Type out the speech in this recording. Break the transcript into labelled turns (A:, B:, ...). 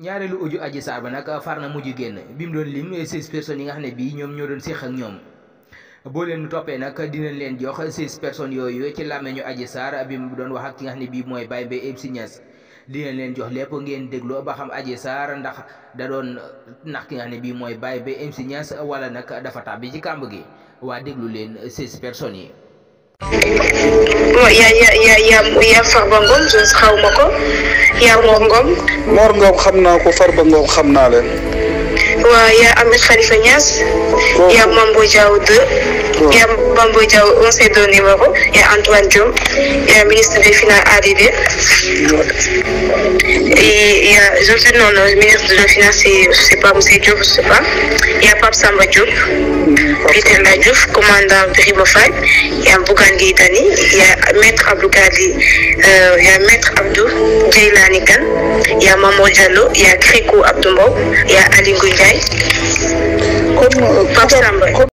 A: ñaareelu audio aji Sarr ba nag far na mujj génn bi mu doon lim seize person yi nga xam ne bii ñoom ñoo doon séq ak ñoom boo leen toppee nag dinañ leen jox seize personnes yooyu ci làmmeñu Adji aji bi mu doon wax ak ki nga xam ne bii mooy Baye Mbaye Ebsi Niass dinañ leen jox lépp ngeen déglu ba xam aji saar ndax da doon nax ki nga xam bii mooy Baye Mbaye Ebsi Niass wala nag dafa bi ci kàmb gi waa déglu leen seize personnes yi. yaa yaa
B: yaa yaa Farba ko yaa
A: Mor
C: Ngom. xam naa ko Farba Ngom xam naa leen.
B: waaw yaa Ahmed Khalifa Niass. yaa Mambo Diaw 2. yaa Mambo Diaw on s'est donné numéro yaa Antoine Diome ministre des finances ADD. a, je ne ministre de la Finance, je ne sais pas, M. Diop, je ne sais pas. Il y a Pape Samba Diop, commandant Brimofaï, il y a Bougan Gaitani, il y a Maître Abdou euh, il y a Maître Abdou Djailani Khan, il Ali Ndiaye, Pape Samba.